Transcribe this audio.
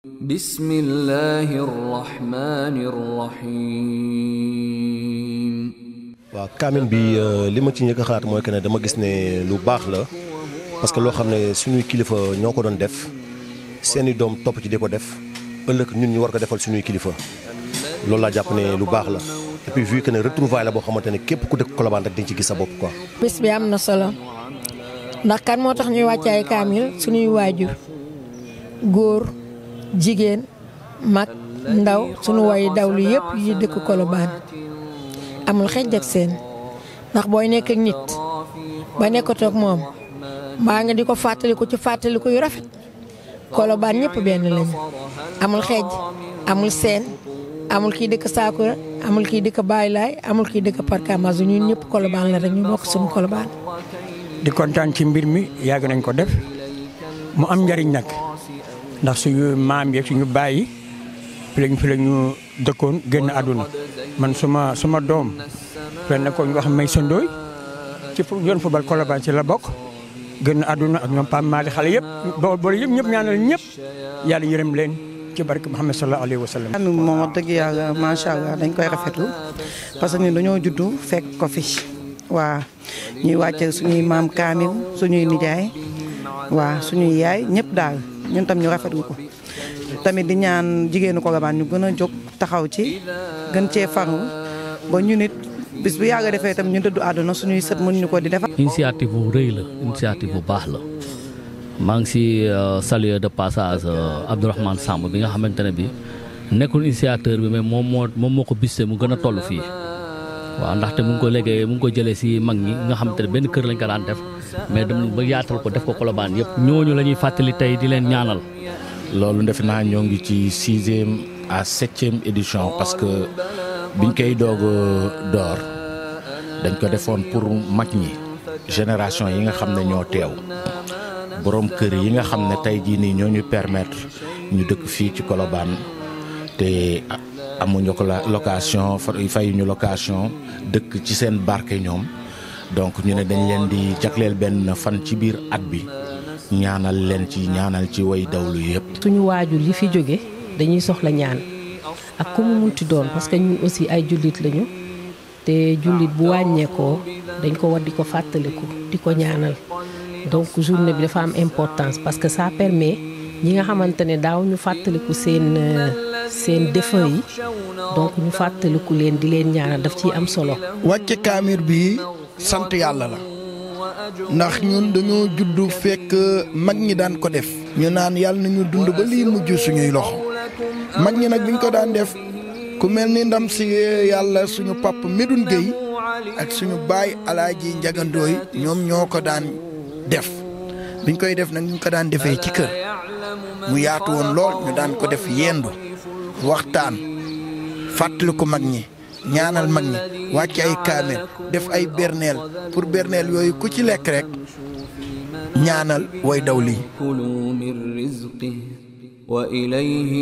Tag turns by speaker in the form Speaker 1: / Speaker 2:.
Speaker 1: bismillahirrahmanirrahim waaw kaamin bi euh, li ma ci njëkk a xalaat mooy que ne dama gis ne lu baax la parce que loo xam ne suñuy kilifa ñoo ko doon def seeni doom topp ci di ko def ëllëg ñun ñu war ko defal suñuy kilifa loolu laa jàpp ne lu baax la et puis vu que ne retrouvaille la boo xamante ne képp ku dëkk Colobane rek di ci gis sa bopp quoi.
Speaker 2: bés bi am na solo ndax kan moo tax ñuy wàcce ay kaamil suñuy waajur jigéen mag ndaw sunu wayi dawlu yëpp yi dëkk Colobane amul xejj ak seen ndax booy nekk ak nit ba nekkatoo ak moom mbaa nga di ko fàttaliku ci fàttaliku yu rafet Colobane ñëpp benn lañu amul xejj amul seen amul kii dëkk Saakura amul kii dëkk Baylaay amul kii dëkk Parcamazu ñun ñëpp Colobane la rek ñu bokk suñu Colobane.
Speaker 1: di kontaan ci mbir mi yàgg nañ ko def mu am njariñ nag. ndax suñu maam yeeg ñu bàyyi fi lañ fi la ñu dëkkoon génn àdduna man suma suma doom benn ko ñu wax may sëndooy ci yoon football Colobane ci la bokk génn àdduna ak ñoom Pam Mali xale yëpp boo boole yëpp ñëpp ñaanal ñëpp yàlla yërëm leen ci barke Muhammad sallallahu alayhi wa sallam. moom moom dëgg yàlla macha allah dañ koy rafetlu parce que ñun dañoo juddu fekk ko fi waa ñuy wàcce suñuy maam kaamil suñuy nijaay waa suñuy yaay ñëpp daal. ñun tam ñu rafetlu ko tamit di ñaan jigéenu Colobane ñu gën a jóg taxaw ci gën cee faru ba ñu nit bis bu yàgg defee tam ñu dëddu àdduna suñuy sët mën ñu ko di defar. initiative bu rëy la initiative bu baax la maa ngi si euh, saluer de passage euh, Abdourahmane Samb bi nga xamante ne bi nekkul initiateur bi mais moom moo moom moo ko biste mu gën a toll fii. waaw ndaxte mu ngi ko léegi mu ngi ko jëlee si mag ñi nga xam te ne benn kër lañ ko daan def mais dem ba yaatal ko def ko kolobaan yëpp ñooñu la ñuy fàttali tey di leen ñaanal. loolu defe naa ñoo ngi ci sixième à septième édition parce que biñ koy doog door dañ ko defoon pour mag ñi génération yi nga xam ne ñoo teew borom kër yi nga xam ne tey jii nii ñoo ñu permettre ñu dëkk fii ci kolobaan te amuñu ko la location fayuñu location une ci de barke ñoom donc ñu ne dañ leen di jagleel benn fan ci biir at bi ñaanal leen ci ñaanal ci way dawlu yëpp. suñu waajur yi
Speaker 2: fi jóge dañuy soxla ñaan ak ku mu doon parce que nous aussi ay Julit. lañu té julit bu ko dañ ko war ko fàttaliku di ko ñaanal donc journée bi dafa am importance parce que ça permet ñi nga xamantene ne daaw ñu ko seen. Euh, seen défunt yi donc ñu fàttaliku leen di leen ñaanal
Speaker 1: daf ciy am solo. wàcce kaamir bi sant yàlla la ndax ñun dañoo juddu fekk mag ñi daan ko def. ñu naan yàlla nañu dund ba lii mujj suñuy loxo mag ñi nag biñ ko daan def ku mel ni ndam si yàlla suñu papa Medoune Gueye ak suñu baay alaaji njagandooy ñoom ñoo ko daan def biñ koy def nag ñu ko daan defee ci kër mu yaatu woon lool ñu daan ko def yendu. waxtaan fàttaliku mag ñi ñaanal mag ñi wàcc ay kaamel def ay berneel pour berneel yooyu ku ci lekk rek ñaanal way daw lii wa ilayhi